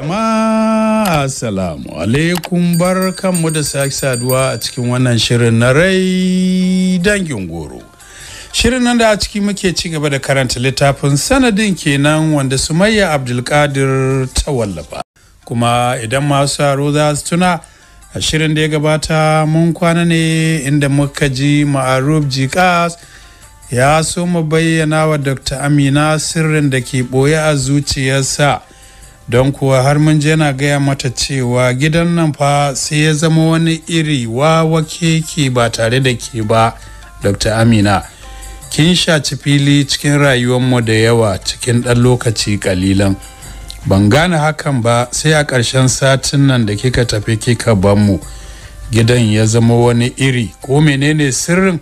Jama'a Assalamu alaikum bar kanmu da sake saduwa a cikin wannan shirin na rai dangin goro. Shirin nan da a ciki muke ci gaba da karanta littafin sanadin kenan wanda Sumayya Abdulkadir ta wallafa. Kuma idan masu saro za su tuna a shirin da ya gabata mun kwana ne inda muka ji ma'aruf jikas ya so mu bayyana wa Dr. Amina sirrin da ke ɓoye a zuciyarsa. don kuwa har mun je na gaya mata cewa gidan nan fa sai ya zama wani iri wawa keke ba tare da ke ba dr amina kin shaci fili cikin rayuwar mu da yawa cikin ɗan lokaci kalilan ban gane hakan ba sai a ƙarshen satin nan da kika tafi kika mu gidan ya zama wani iri ko menene sirrin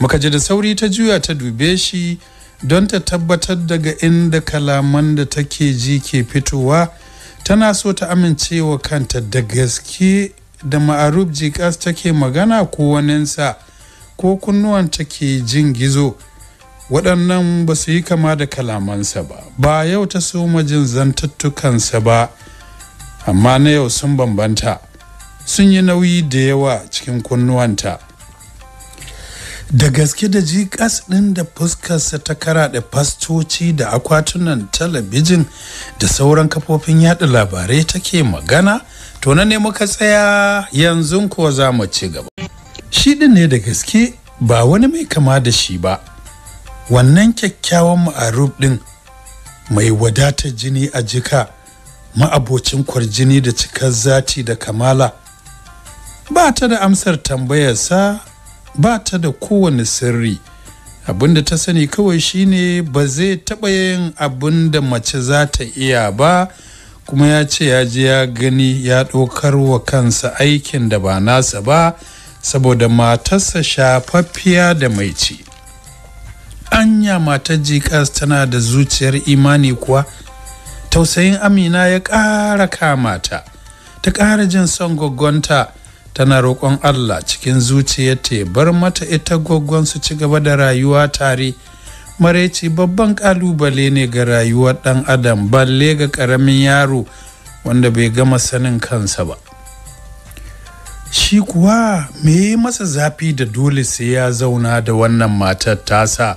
muka ji da sauri ta juya ta dube shi don ta tabbatar daga inda kalaman da take ji ke fitowa tana so ta amincewa kanta da gaske da ma'aruf jikas take magana ko waninsa ko kunnuwanta ke jin gizo waɗannan ba su yi kama da kalamansa ba ba yau ta so jin zantattukansa ba amma na yau sun bambanta sun yi nauyi da yawa cikin kunnuwanta da gaske da ji kas ɗin da fuskarsa ta karaɗe fastoci da akwatunan talabijin da sauran kafofin yada labarai take magana to na ne muka tsaya yanzu ko za mu ci gaba shi ɗin ne da gaske ba wani mai kama da shi ba wannan kyakkyawan ma'aruf ɗin mai wadatar jini a jika ma'abocin kwarjini da cikar zati da kamala ba ta da amsar tambayarsa ba ta da kowane sirri abinda ta sani kawai shine ba zai taɓa yin abin da mace za ta iya ba kuma ya ce ya je ya gani ya ɗaukar wa kansa aikin da ba nasa ba saboda matarsa shafaffiya da mai ci anya matar jikas tana da zuciyar imani kuwa tausayin amina ya ƙara kamata ta ƙara jin son gwaggonta tana roƙon Allah cikin zuciyarta ya bar mata ita gwaggon su ci gaba da rayuwa tare maraici babban ƙalubale ne ga rayuwar ɗan adam balle ga ƙaramin yaro wanda bai gama sanin kansa ba shi kuwa me masa zafi da dole sai ya zauna da wannan matar tasa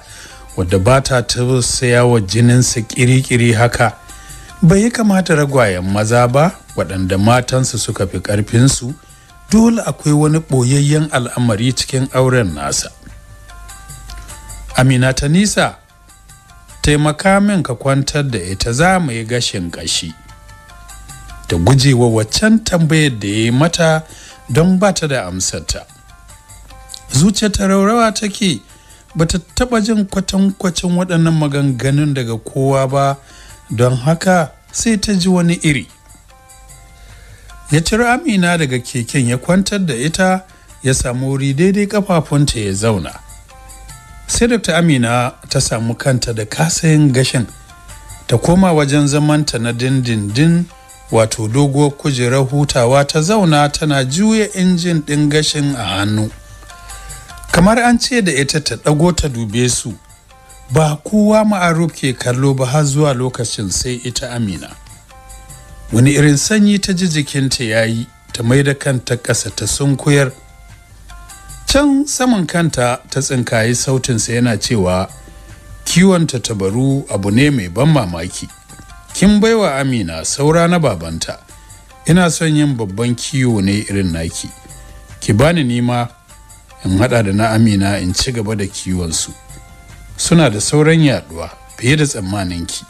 wadda ba ta tausaya wa jininsa kiri haka bai yi kamata ragwayen maza ba waɗanda matansu suka fi ƙarfinsu dole akwai wani ɓoyayyen al'amari cikin auren nasa amina ta nisa taimaka min ka kwantar da ita za mu yi gashin gashi da gujewa waccan tambayar da ya yi mata don ba ta da amsarta zuciya ta raurawa take ba ta taɓa jin kwatankwacin waɗannan maganganun daga kowa ba don haka sai ta ji wani iri ya cire amina daga keken ya kwantar da ita ya samu wuri daidai kafafunta ya zauna sai dr amina ta samu kanta da kasayin gashin ta koma wajen zamanta na dindindin wato dogo kujerar hutawa ta zauna tana juya injin ɗin gashin a hannu kamar an ce da ita ta ɗago ta dube su ba kowa ma'aruf ke kallo ba har zuwa lokacin sai ita amina wani irin sanyi ta ji jikinta ya yi ta mai da kanta ƙasa ta sunkuyar can saman kanta ta tsinkayi sautinsa yana cewa kiwonta tabaru abu ne mai ban mamaki kin baiwa amina saura na babanta ina son yin babban kiwo ne irin naki ki bani nima in hada da na amina in ci gaba da kiwonsu suna da sauran yaduwa fiye da tsammaninki ki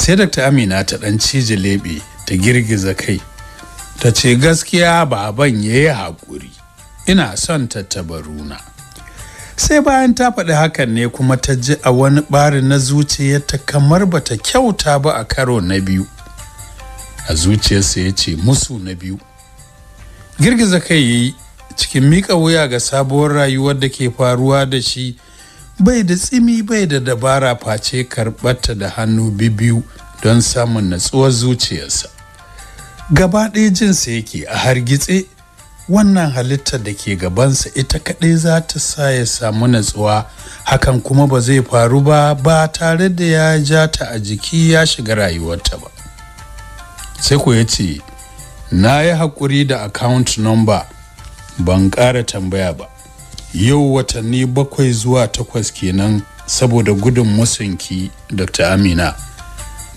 sai Dr. Amina ta ɗan cije leɓe ta girgiza kai. Ta ce gaskiya baban ya yi haƙuri, ina son ta tabaruna. Sai bayan ta faɗi hakan ne kuma ta ji a wani ɓari na zuciyarta kamar ba ta kyauta ba a karo na biyu. A zuciyarsa ya ce musu na biyu. Girgiza kai ya yi cikin miƙa wuya ga sabuwar rayuwar da ke faruwa da shi bai da tsimi bai da dabara face karɓarta da hannu bibiyu don samun natsuwar zuciyarsa gaba ɗaya jinsa yake a hargitse wannan halittar da ke gabansa ita kaɗai za ta sa ya samu natsuwa hakan kuma ba zai faru ba ba tare da ya ja ta a jiki ya shiga rayuwarta ba sai ku ya ce na yi haƙuri da account number ban ƙara tambaya ba yau watanni bakwai zuwa takwas kenan saboda gudun musunki dr amina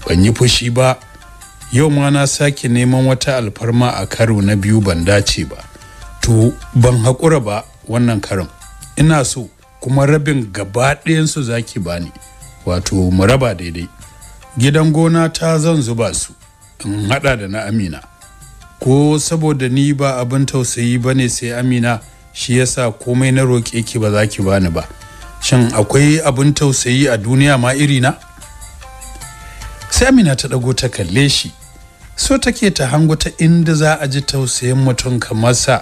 ban yi fushi ba yau ma na sake neman wata alfarma a karo na biyu ban dace ba to ban haƙura ba wannan karin ina so kuma rabin gaba ɗayansu zaki bani wato mu raba daidai gidan gona ta zan zuba su in haɗa da na amina ko saboda ni ba abin tausayi ba ne sai amina shi yasa komai na roƙe ki ba za ki bani ba shin akwai abin tausayi a duniya ma iri na sai amina ta ɗago ta kalle shi so take ta hango ta inda za a ji tausayin mutum kamar sa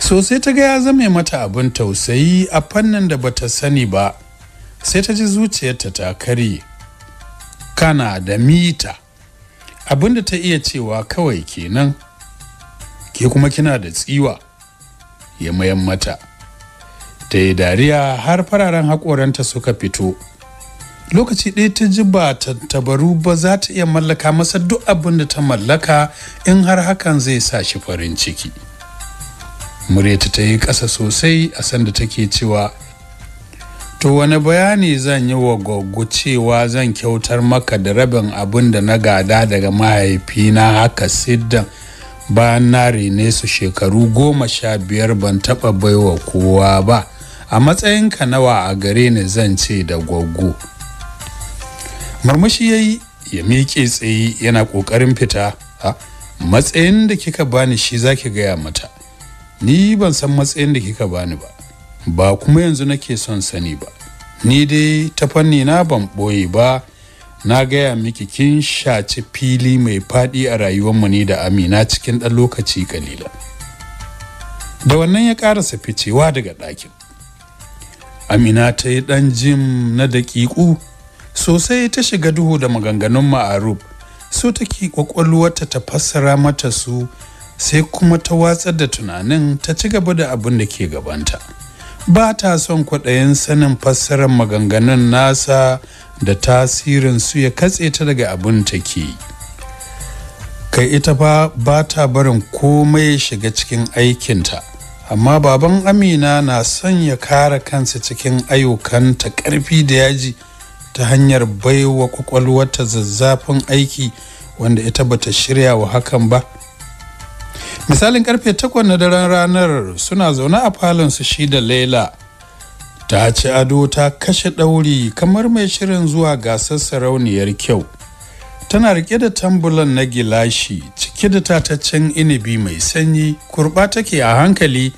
so sai ta ga ya zame mata abin tausayi a fannin da bata sani ba sai ta ji zuciyarta ta karye kana da mita abinda ta iya cewa kawai kenan ke kuma kina da tsiwa ya mayan mata ta yi dariya har fararen haƙoranta suka fito lokaci ɗaya ta ji ba tabaru ba za ta iya mallaka masa duk abin da ta mallaka in har hakan zai sa shi farin ciki muryata ta yi ƙasa sosai a sanda take cewa to wani bayani zan yi wa goggo cewa zan kyautar maka da rabin abin da na gada daga mahaifina haka siddan bayan na rene su shekaru goma sha biyar ban taɓa baiwa kowa ba a matsayinka nawa a gare ni zan ce da gwaggo murmushi ya yi ya miƙe tsaye yana ƙoƙarin fita a matsayin da kika bani shi zaki gaya mata ni ban san matsayin da kika bani ba ba kuma yanzu nake son sani ba ni dai ta fanni na ban ɓoye ba na gaya miki kin shaci fili mai faɗi a rayuwar mu ne da amina cikin ɗan lokaci kalila da wannan ya ƙarasa ficewa daga ɗakin amina ta yi ɗan jim na daƙiƙu sosai ta shiga duhu da maganganun ma'arub so take ƙwaƙwalwata ta fassara mata su sai kuma ta watsar da tunanin ta ci gaba da abin da ke gabanta ba ta son kwaɗayin sanin fassarar maganganun nasa da tasirin su ya katse ta daga abin take kai ita fa ba ta barin komai shiga cikin aikinta amma baban amina na son ya kara kansa cikin ayyukanta karfi da yaji ta hanyar baiwa kwakwalwata zazzafin aiki wanda ita bata shirya wa hakan ba misalin karfe takwas na daren ranar suna zaune a falon su shi da laila ta ci ado ta kashe ɗauri kamar mai shirin zuwa gasar sarauniyar kyau tana rike da tambulan na gilashi cike da tataccen inibi mai sanyi kurba take a hankali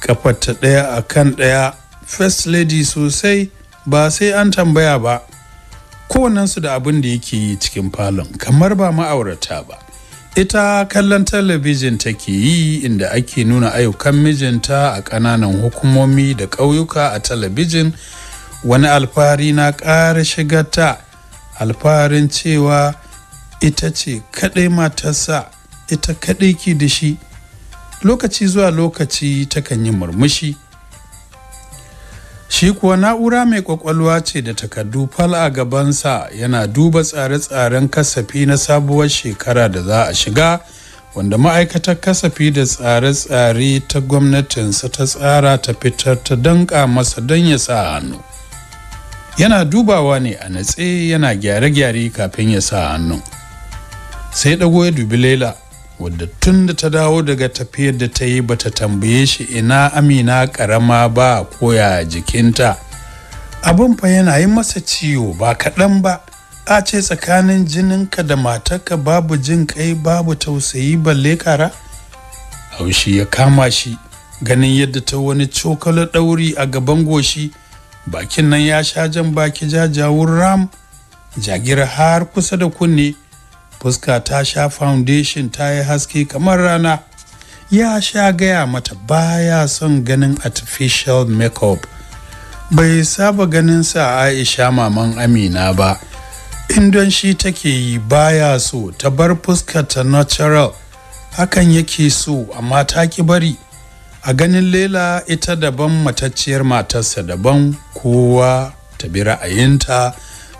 kafarta ɗaya a kan ɗaya first lady sosai ba sai an tambaya ba kowannensu da abin da yake yi cikin falon kamar ba ma'aurata ba ita kallon talabijin take yi inda ake nuna ayyukan mijinta a ƙananan hukumomi da ƙauyuka a talabijin wani alfahari na ƙara shigarta alfaharin cewa ita ce kaɗai matarsa ita kaɗai ki da shi lokaci zuwa lokaci takan yi murmushi shi kuwa na'ura mai kwakwalwa ce da takardu fal a gabansa yana duba tsare-tsaren kasafi na sabuwar shekara da za a shiga wanda ma'aikatar kasafi da tsare-tsare ta gwamnatinsa ta tsara ta fitar ta danƙa masa don ya sa hannu yana dubawa ne a natse yana gyare-gyare kafin ya sa hannu sai ya dubi laila wadda tun da ta dawo daga tafiyar da ta yi ba ta tambaye shi ina amina karama ba koya jikinta abin fa yana yi masa ciwo ba kaɗan ba a ce tsakanin jininka da matarka babu jin kai babu tausayi balle kara haushi ya kama shi ganin yadda ta wani cokala ɗauri a gaban goshi bakin nan ya sha jan baki jajawun ram jagira har kusa da kunne fuska ta sha foundation ta yi haske kamar rana ya sha gaya mata baya son ganin artificial makeup bai saba ganin sa aisha maman amina ba in don shi take yi baya so ta bar fuska ta natural hakan yake so amma ta ki bari a ganin lela ita daban matacciyar matarsa daban kowa ta bi ra'ayinta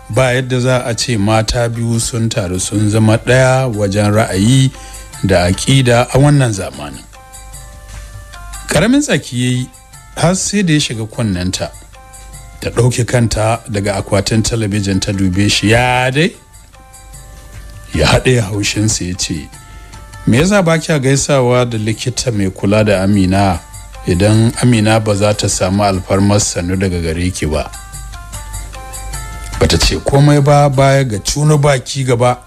ba yadda za a ce mata biyu sun taru sun zama ɗaya wajen ra'ayi da aƙida a wannan zamanin karamin tsaki ya yi har sai da ya shiga kunnenta ta ɗauke kanta daga akwatin talabijin ta dube shi ya dai ya haɗe haushinsa ya ce me yasa ba kya gaisawa da likita mai kula da amina idan amina ba za ta samu alfarmar sannu daga gare ki ba bata ce komai ba baya ga cuna baki gaba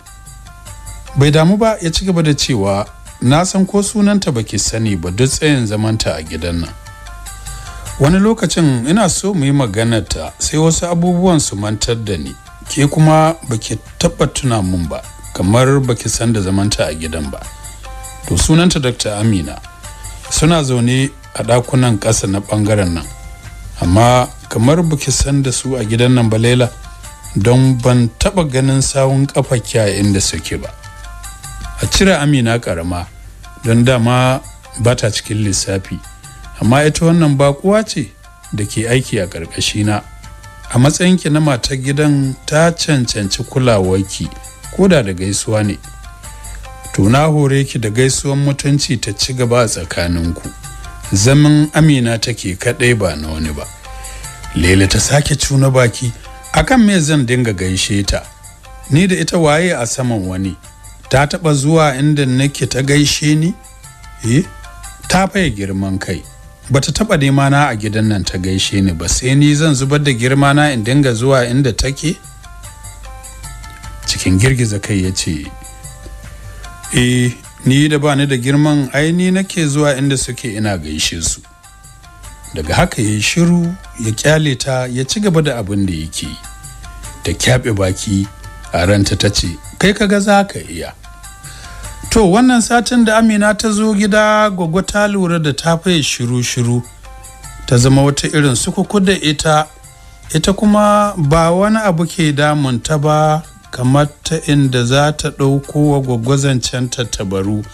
bai damu ba ya ci gaba da cewa na san ko sunanta baki sani ba duk tsayin zamanta a gidan nan wani lokacin ina so mu yi ta sai wasu abubuwan su mantar da ni ke kuma baki taba tuna mun ba kamar baki san da zamanta a gidan ba to sunanta dr amina suna zaune a ɗakunan ƙasa na ɓangaren nan amma kamar baki san da su a gidan nan ba laila don ban taba ganin sawun kafa kya da suke ba a cire amina karama don dama ba ta cikin lissafi amma ita wannan bakuwa ce da ke aiki a na a matsayinki na matar gidan ta cancanci kulawarki ko da da gaisuwa ne to na hore ki da gaisuwan mutunci ta ci gaba a tsakaninku zaman amina take kaɗai ba na wani ba lele ta sake cuna baki akan me zan dinga gaishe ta ni da ita waye a saman wani ta taɓa zuwa inda nake ta gaishe ni eh ta faye girman kai bata taɓa nema na a gidan nan ta gaishe ni ba sai ni zan zubar da girma na in dinga zuwa inda take cikin girgiza kai ya ce eh ni da bani da girman ai ni nake zuwa inda suke ina gaishe su daga haka ya shiru ya kyale ta ya ci gaba da abin da yake ta kyaɓe baki a ranta ta ce kai ka za ka iya to wannan satin da amina ta zo gida gwaggo ta lura da ta faye shiru-shiru ta zama wata irin sukuku da ita ita kuma ba wani abu ke damunta ba kamar ta inda za ta ɗauko wa ta tattabaru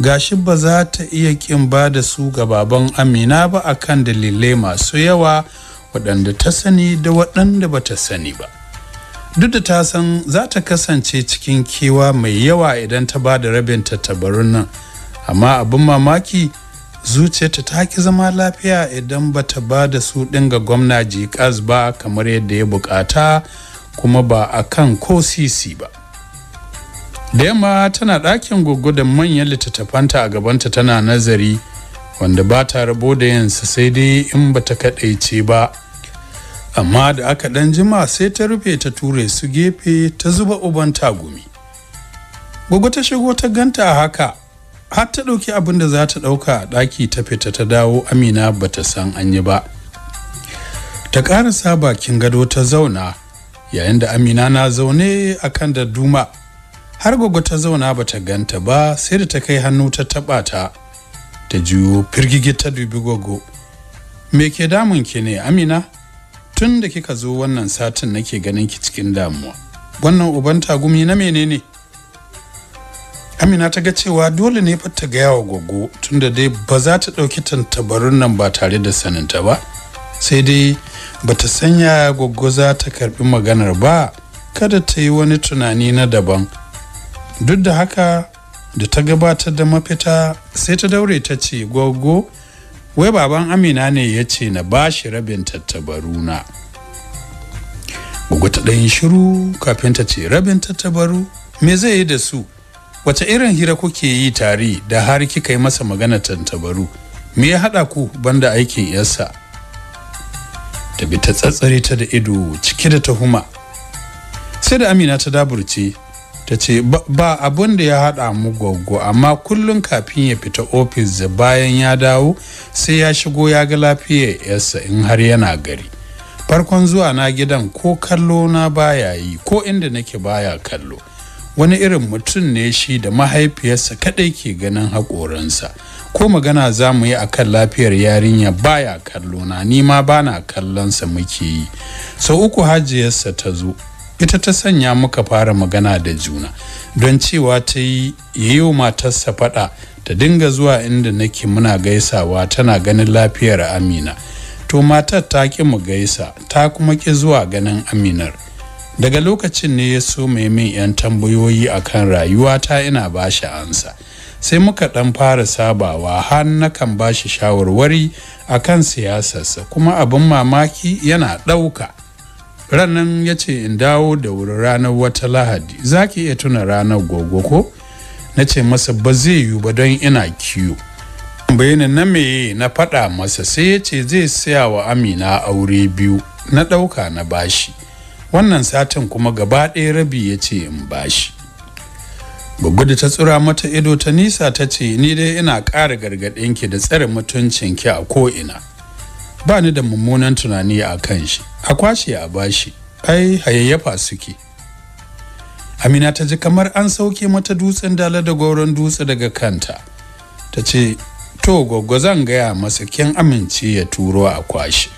gashi ba za ta iya ƙin ba da su ga baban amina ba akan dalilai masu yawa waɗanda ta sani da waɗanda ba ta sani ba duk da ta san za ta kasance cikin kewa mai yawa idan ta ba da rabin tattabarun nan amma abin mamaki zuciyarta ta ki zama lafiya idan ba ta ba da su ɗin ga gwamna jikas ba kamar yadda ya bukata kuma ba a kan ko sisi ba da yamma tana ɗakin goggo da manyan littattafanta a gabanta tana nazari wanda ba ta rabo da yansa sai dai in ba ta kaɗaice ba amma da aka ɗan jima sai ta rufe ta ture su gefe ta zuba uban tagumi gogo ta shigo ta ganta a haka har ta ɗauki abin da za ta ɗauka a ɗaki ta fita ta dawo amina ba ta san an yi ba ta ƙarasa bakin gado ta zauna yayin da amina na zaune a kan da duma har gogo ta zauna ba ta ganta ba sai da ta kai hannu ta taɓa ta ta juyo firgige ta dubi gogo. me ke damun ki ne amina tun da kika zo wannan satin nake ganin ki cikin damuwa wannan uban tagumi na menene amina ta ga cewa dole ne fa ta gaya wa tun tunda dai ba za ta ɗauki tantabarun nan ba tare da saninta ba sai dai ba ta sanya gogo za ta karɓi maganar ba kada ta yi wani tunani na daban duk da haka da ta gabatar da mafita sai ta daure ta ce gwaggo wai baban amina ne ya ce na ba shi rabin tattabaruna gugu ta ɗayin shiru kafin ta ce rabin tattabaru me zai yi da su wace irin hira kuke yi tare da har kika yi masa magana tattabaru me ya haɗa ku banda aikin yarsa ta bi ta tsatsare ta da ido cike da tuhuma sai da amina ta daburce ta ce ba abun da ya haɗa mu goggo amma kullum kafin ya fita ofis da bayan ya dawo sai ya shigo ya ga lafiyar yarsa in har yana gari farkon zuwa na gidan ko kallo na baya yi ko inda nake baya kallo wani irin mutum ne shi da mahaifiyarsa kadai ke ganin haƙoransa ko magana za mu yi akan lafiyar yarinya baya kallo na ni ma bana kallonsa muke yi sau uku hajiyarsa ta zo ita ta sanya muka fara magana da juna don cewa ta yi yi matarsa faɗa ta dinga zuwa inda nake muna gaisawa tana ganin lafiyar amina to matar ta ƙi mu gaisa ta kuma ƙi zuwa ganin aminar daga lokacin ne ya so mai min 'yan tambayoyi akan rayuwata ina bashi shi ansa sai muka ɗan fara sabawa har nakan ba shi shawarwari akan siyasarsa kuma abin mamaki yana ɗauka Ranan ya ce in dawo da wuri ranar wata lahadi za ki iya tuna ranar gogo ko na ce masa ba zai yiwu ba don ina kiyo bayani na meye na faɗa masa sai ya ce zai saya wa amina aure biyu na ɗauka na bashi wannan satin kuma gaba ɗaya rabi ya ce in bashi da ta tsura mata ido ta nisa ta ce ni dai ina ƙara gargaɗinki da tsare mutuncinki a ko'ina ba ni da mummunan tunani a kan shi a kwashe a bashi ai hayayyafa suke amina ta ji kamar an sauke mata dutsen dala da goron dutse daga kanta ta ce to gwaggwa zan gaya masa kyan amince ya turo a kwashe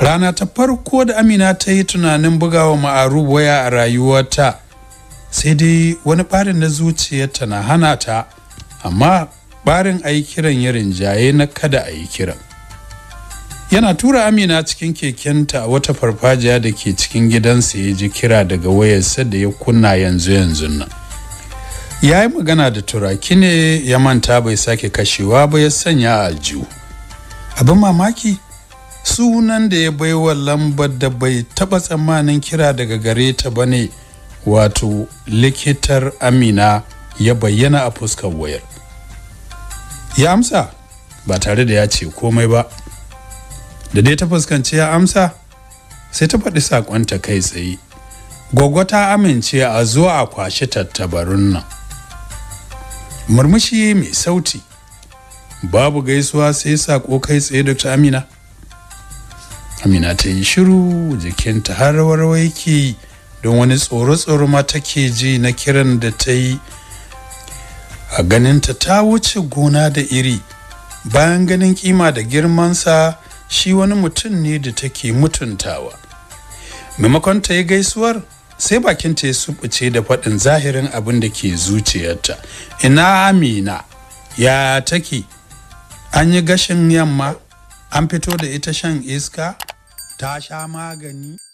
rana ta farko da amina ta yi tunanin bugawa ma'aru waya a rayuwarta sai dai wani barin na zuciyarta na hana ta amma barin a yi kiran ya rinjaye na kada a yi kiran yana tura amina cikin kekenta a wata farfajiya da ke cikin gidansa ya ji kira daga wayarsa da ya kunna yanzu yanzu nan ya yi magana da turaki ne ya manta bai sake kashewa ba ya sanya aljihu abin mamaki sunan da ya baiwa lambar da bai taba tsammanin kira daga gare ta ba ne wato likitar amina ya bayyana a fuskar wayar ya amsa ba tare da ya ce komai ba da dai ta fuskanci ya amsa sai ta faɗi saƙonta kai tsaye gwaggo ta amince a zo a kwashi tattabarun nan murmushi mai sauti babu gaisuwa sai saƙo kai tsaye dr amina amina ta yi shiru jikinta har rawarwa don wani tsoro-tsoro ma take ji na kiran da ta yi a ganinta ta wuce gona da iri bayan ganin kima da girmansa shi wani mutum ne da take mutuntawa maimakon ta yi gaisuwar sai bakin ta ya subuce da faɗin zahirin abin da ke zuciyarta ina amina ya take an yi gashin yamma an fito da ita shan iska ta sha magani